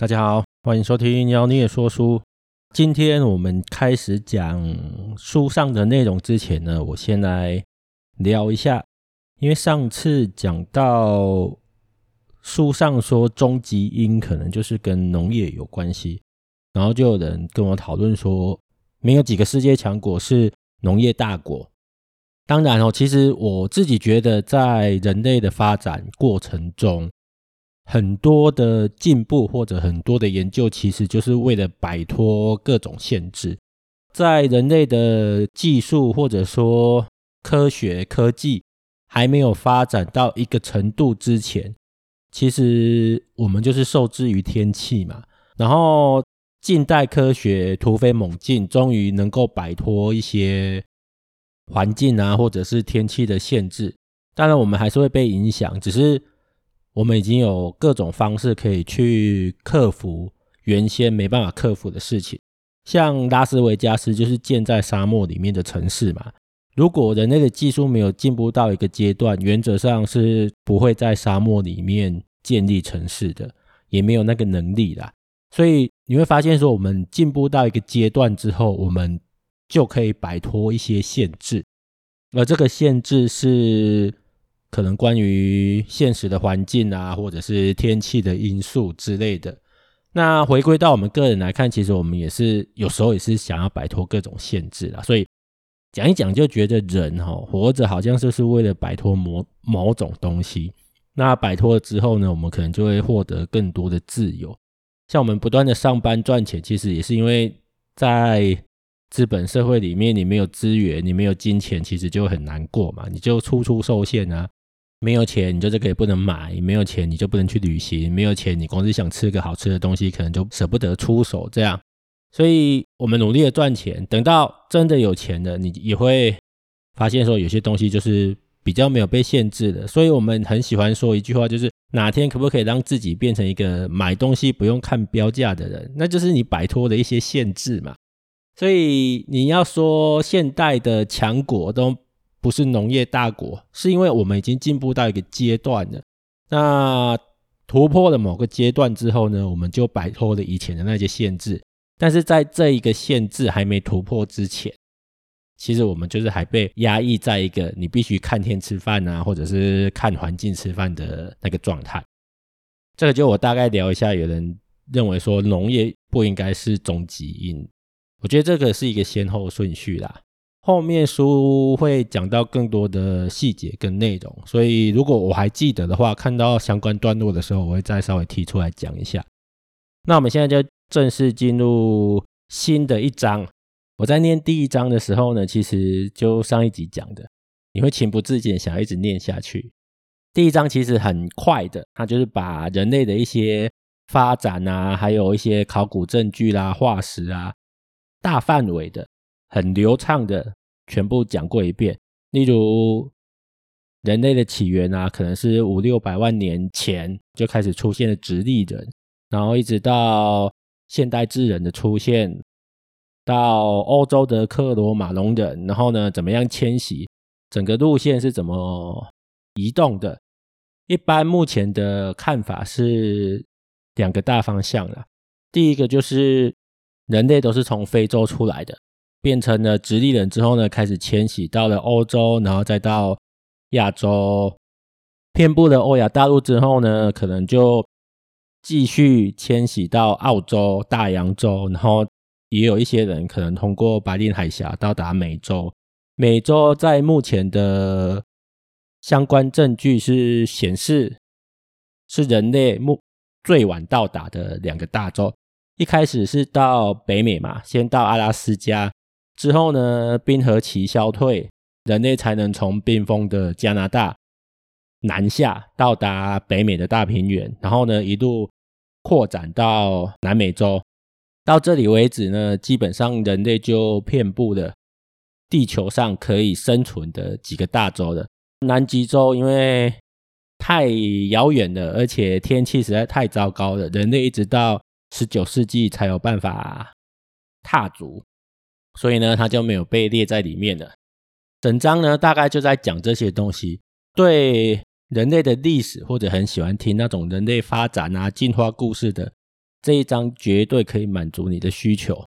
大家好，歡迎收聽妖孽說書。今天我們開始講書上的內容之前呢，我先來聊一下，因為上次講到書上說，終極因可能就是跟農業有關係，然後就有人跟我討論說，沒有幾個世界強國是農業大國。當然哦，其實我自己覺得，在人類的發展過程中，很多的進步或者很多的研究，其實就是為了擺脫各種限制。在人類的技術或者說科學科技還沒有發展到一個程度之前，其實我們就是受制於天氣嘛。然後，近代科學突飛猛進，終於能夠擺脫一些環境啊或者是天氣的限制。當然，我們還是會被影響，只是。我們已經有各種方式可以去克服原先沒辦法克服的事情，像拉斯維加斯就是建在沙漠裡面的城市嘛。如果人類的技術沒有進步到一個階段，原則上是不會在沙漠裡面建立城市的，也沒有那個能力啦。所以你會發現說我們進步到一個階段之後，我們就可以擺脫一些限制，而這個限制是。可能關於現實的環境啊，或者是天氣的因素之類的。那回歸到我們個人來看，其實我們也是有時候也是想要擺脫各種限制啦。所以講一講，就覺得人哈、哦、活着好像就是為了擺脫某某種東西。那擺脫了之後呢，我們可能就會獲得更多的自由。像我們不斷的上班賺錢，其實也是因為在資本社會裡面，你沒有資源，你沒有金錢，其實就很難過嘛，你就處處受限啊。沒有錢，你就這個也不能買，沒有錢，你就不能去旅行，沒有錢，你光是想吃個好吃的東西，可能就捨不得出手這樣。所以我們努力的賺錢，等到真的有錢了，你也會發現說有些東西就是比較沒有被限制的。所以我們很喜歡說一句話，就是哪天可不可以讓自己變成一個買東西不用看標價的人？那就是你擺脫的一些限制嘛。所以你要說現代的強國都。不是農業大國，是因為我們已經進步到一個階段了。那突破了某個階段之後呢，我們就擺脫了以前的那些限制。但是在這一個限制還沒突破之前，其實我們就是還被壓抑在一個你必須看天吃飯啊，或者是看環境吃飯的那個狀態。這個就我大概聊一下，有人認為說農業不應該是終極因，我覺得這個是一個先後順序啦。後面書會講到更多的細節跟內容，所以如果我還記得的話，看到相關段落的時候，我會再稍微提出來講一下。那我們現在就正式進入新的一章。我在念第一章的時候呢，其實就上一集講的，你會情不自禁想要一直念下去。第一章其實很快的，它就是把人類的一些發展啊，還有一些考古證據啦、啊、化石啊，大範圍的、很流暢的。全部講過一遍，例如人類的起源啊，可能是五六百萬年前就開始出現了直立人，然後一直到現代智人的出現，到歐洲的克羅馬龍人，然後呢，怎麼樣遷徙，整個路線是怎麼移動的？一般目前的看法是兩個大方向啦，第一個就是人類都是從非洲出來的。變成了直立人之後呢，開始遷徙到了歐洲，然後再到亞洲，遍布了歐亞大陸之後呢，可能就繼續遷徙到澳洲、大洋洲，然後也有一些人可能通過白令海峽到達美洲。美洲在目前的相關證據是顯示，是人類目最晚到達的兩個大洲。一開始是到北美嘛，先到阿拉斯加。之後呢，冰河期消退，人類才能從冰封的加拿大南下，到達北美的大平原，然後呢，一路擴展到南美洲。到這裡為止呢，基本上人類就遍布了地球上可以生存的幾個大洲了。南極洲因為太遙遠了，而且天氣實在太糟糕了，人類一直到十九世紀才有辦法踏足。所以呢，它就沒有被列在裡面了，整章呢，大概就在講這些東西。對人類的歷史，或者很喜歡聽那種人類發展啊、進化故事的這一章，絕對可以滿足你的需求。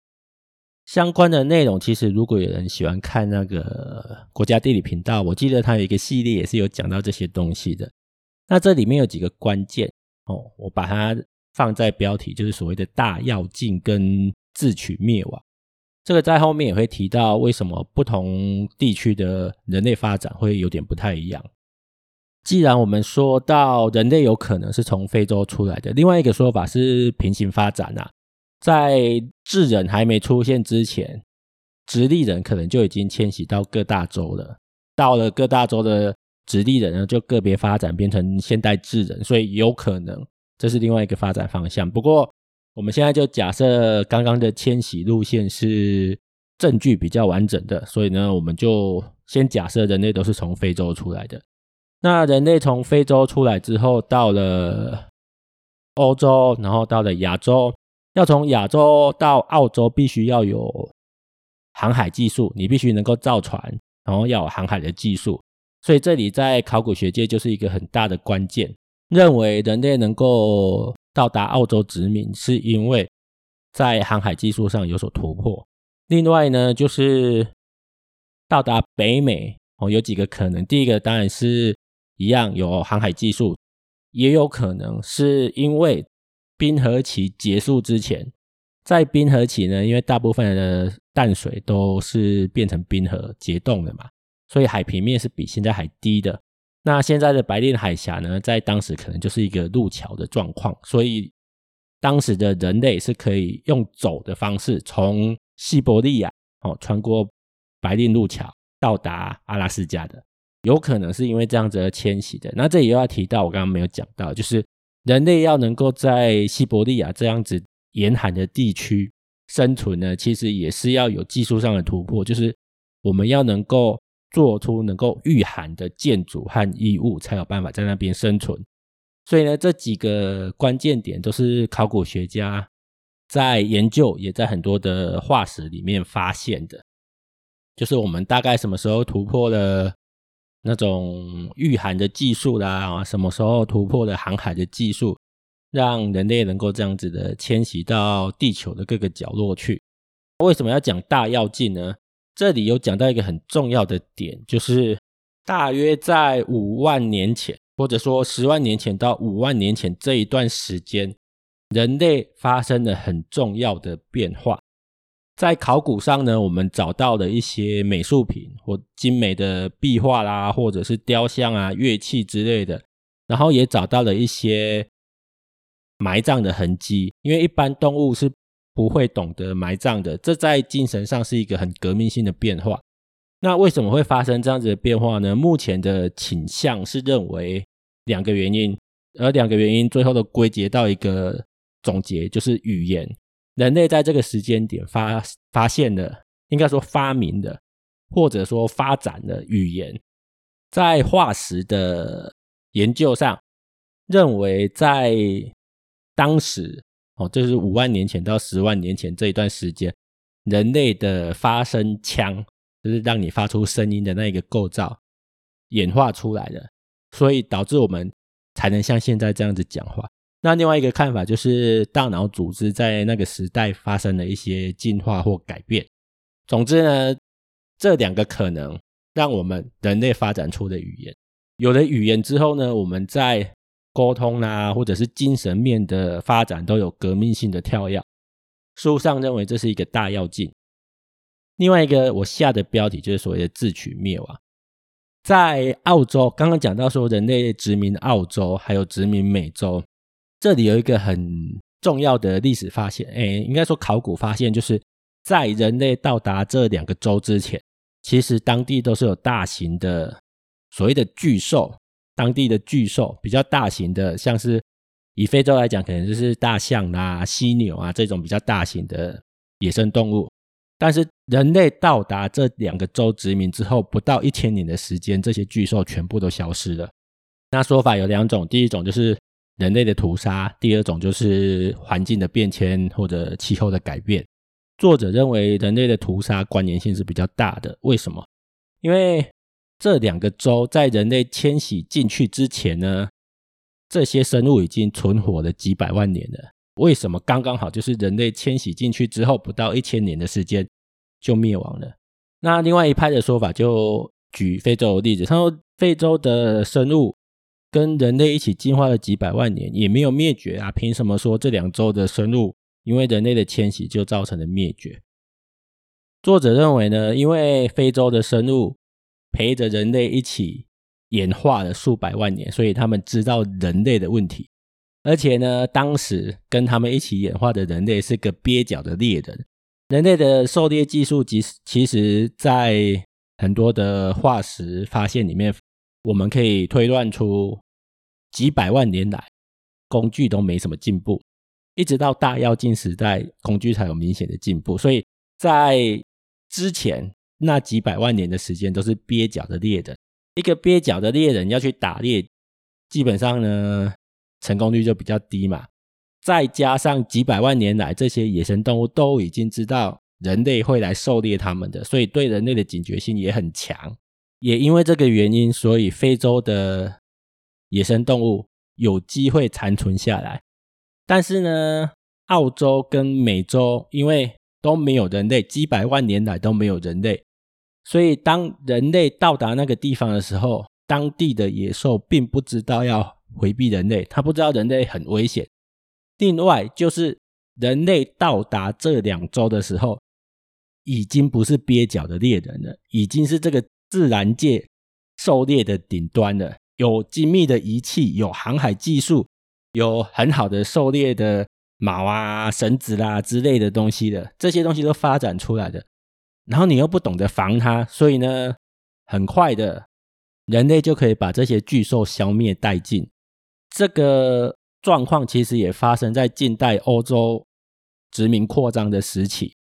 相關的內容，其實如果有人喜歡看那個國家地理頻道，我記得它有一個系列也是有講到這些東西的。那這裡面有幾個關鍵哦，我把它放在標題，就是所謂的大躍進跟自取滅亡。這個在後面也會提到，為什麼不同地區的人類發展會有點不太一樣？既然我們說到人類有可能是從非洲出來的，另外一個說法是平行發展啊，在智人還沒出現之前，直立人可能就已經遷徙到各大洲了。到了各大洲的直立人呢，就個別發展變成現代智人，所以有可能這是另外一個發展方向。不過，我們現在就假設剛剛的遷徙路線是證據比較完整的，所以呢，我們就先假設人類都是從非洲出來的。那人類從非洲出來之後，到了歐洲，然後到了亞洲，要從亞洲到澳洲，必須要有航海技術，你必須能夠造船，然後要有航海的技術。所以這裡在考古學界就是一個很大的關鍵，認為人類能夠。到達澳洲殖民是因為在航海技術上有所突破。另外呢，就是到達北美哦，有幾個可能。第一個當然是一樣有航海技術，也有可能是因為冰河期結束之前，在冰河期呢，因為大部分的淡水都是變成冰河結凍的嘛，所以海平面是比現在還低的。那現在的白令海峽呢，在當時可能就是一個陸橋的狀況，所以當時的人類是可以用走的方式從西伯利亞哦，穿過白令陸橋到達阿拉斯加的，有可能是因為這樣子而遷徙的。那這裡又要提到我剛剛沒有講到，就是人類要能夠在西伯利亞這樣子嚴寒的地區生存呢，其實也是要有技術上的突破，就是我們要能夠。做出能夠禦寒的建築和衣物，才有辦法在那邊生存。所以呢，這幾個關鍵點都是考古學家在研究，也在很多的化石裡面發現的。就是我們大概什麼時候突破了那種禦寒的技術啦？什麼時候突破了航海的技術，讓人類能夠這樣子的遷徙到地球的各個角落去？為什麼要講大躍進呢？這裡有講到一個很重要的點，就是大約在五萬年前，或者說十萬年前到五萬年前這一段時間，人類發生了很重要的變化。在考古上呢，我們找到了一些美術品或精美的壁畫啦，或者是雕像啊、樂器之類的，然後也找到了一些埋葬的痕跡，因為一般動物是不會懂得埋葬的，這在精神上是一個很革命性的變化。那為什麼會發生這樣子的變化呢？目前的傾向是認為兩個原因，而兩個原因最後都歸結到一個總結，就是語言。人類在這個時間點發發現了，應該說發明的，或者說發展的語言，在化石的研究上，認為在當時。哦，這、就是五萬年前到十萬年前這一段時間，人類的發聲腔，就是讓你發出聲音的那個構造演化出來的，所以導致我們才能像現在這樣子講話。那另外一個看法就是大腦組織在那個時代發生了一些進化或改變。總之呢，這兩個可能讓我們人類發展出的語言，有了語言之後呢，我們在。溝通啊，或者是精神面的發展都有革命性的跳躍。書上認為這是一個大躍進。另外一個我下的標題就是所謂的自取滅亡。在澳洲，剛剛講到說人類殖民澳洲，還有殖民美洲，這裡有一個很重要的歷史發現，誒，應該說考古發現，就是在人類到達這兩個洲之前，其實當地都是有大型的所謂的巨獸。當地的巨獸比較大型的，像是以非洲來講，可能就是大象啊、犀牛啊這種比較大型的野生動物。但是人類到達這兩個洲殖民之後，不到一千年的時間，這些巨獸全部都消失了。那說法有兩種：第一種就是人類的屠殺；第二種就是環境的變遷或者氣候的改變。作者認為人類的屠殺關聯性是比較大的。為什麼？因為這兩個州在人類遷徙進去之前呢，這些生物已經存活了幾百萬年了，為什麼剛剛好就是人類遷徙進去之後不到一千年的時間就滅亡了？那另外一派的說法就舉非洲的例子，他說非洲的生物跟人類一起進化了幾百萬年，也沒有滅絕啊，憑什麼說這兩州的生物因為人類的遷徙就造成了滅絕？作者認為呢，因為非洲的生物，陪着人類一起演化了數百萬年，所以他們知道人類的問題。而且呢，當時跟他們一起演化的人類是個蹩腳的獵人。人類的狩獵技術，其實其實，在很多的化石發現裡面，我們可以推斷出幾百萬年來工具都沒什麼進步，一直到大躍進時代，工具才有明顯的進步。所以在之前。那幾百萬年的時間都是蹩腳的獵人，一個蹩腳的獵人要去打獵，基本上呢，成功率就比較低嘛。再加上幾百萬年來這些野生動物都已經知道人類會來狩獵它們的，所以對人類的警覺性也很強。也因為這個原因，所以非洲的野生動物有機會殘存下來，但是呢，澳洲跟美洲因為都沒有人類，幾百萬年來都沒有人類。所以，當人類到達那個地方的時候，當地的野獸並不知道要回避人類，他不知道人類很危險。另外，就是人類到達這兩洲的時候，已經不是蹩腳的獵人了，已經是這個自然界狩獵的頂端了。有精密的儀器，有航海技術，有很好的狩獵的矛啊、繩子啦、啊、之類的東西的，這些東西都發展出來的。然後你又不懂得防它，所以呢，很快的，人類就可以把這些巨獸消滅殆盡。這個狀況其實也發生在近代歐洲殖民擴張的時期。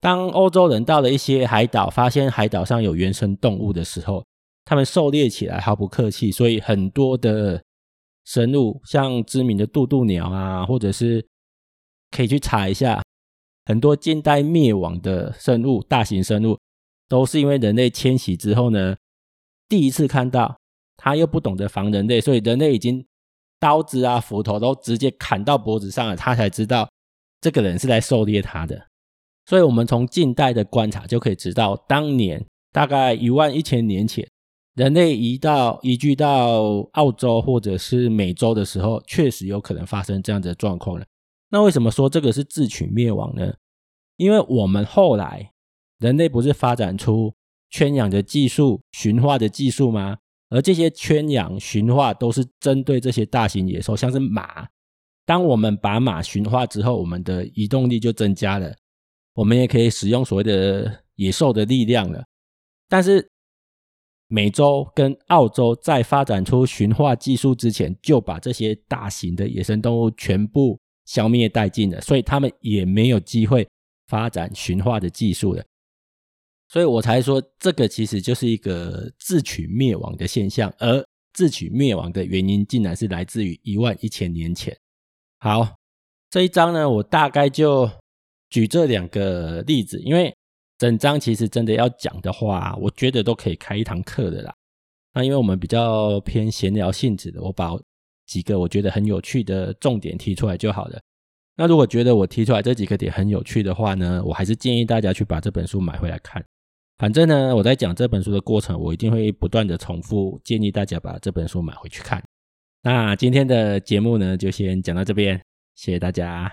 當歐洲人到了一些海島，發現海島上有原生動物的時候，他們狩獵起來毫不客氣，所以很多的生物，像知名的渡渡鳥啊，或者是可以去查一下。很多近代滅亡的生物，大型生物都是因為人類遷徙之後呢，第一次看到他又不懂得防人類，所以人類已經刀子啊斧頭都直接砍到脖子上了，他才知道這個人是來狩獵他的。所以，我們從近代的觀察就可以知道，當年大概一萬一千年前，人類移到移居到澳洲或者是美洲的時候，確實有可能發生這樣子的狀況了。那為什麼說這個是自取滅亡呢？因為我們後來人類不是發展出圈養的技術、馴化的技術嗎？而這些圈養、馴化都是針對這些大型野獸，像是馬。當我們把馬馴化之後，我們的移動力就增加了，我們也可以使用所謂的野獸的力量了。但是美洲跟澳洲在發展出馴化技術之前，就把這些大型的野生動物全部，消滅殆盡的，所以他們也沒有機會發展馴化的技術的，所以我才說這個其實就是一個自取滅亡的現象，而自取滅亡的原因竟然是來自於一萬一千年前。好，這一章呢，我大概就舉這兩個例子，因為整章其實真的要講的話，我覺得都可以開一堂課的啦。那因為我們比較偏閒聊性質的，我把。幾個我覺得很有趣的重點提出來就好了。那如果覺得我提出來這幾個點很有趣的話呢，我還是建議大家去把這本書買回來看。反正呢，我在講這本書的過程，我一定會不斷的重複建議大家把這本書買回去看。那今天的節目呢，就先講到這邊。謝謝大家。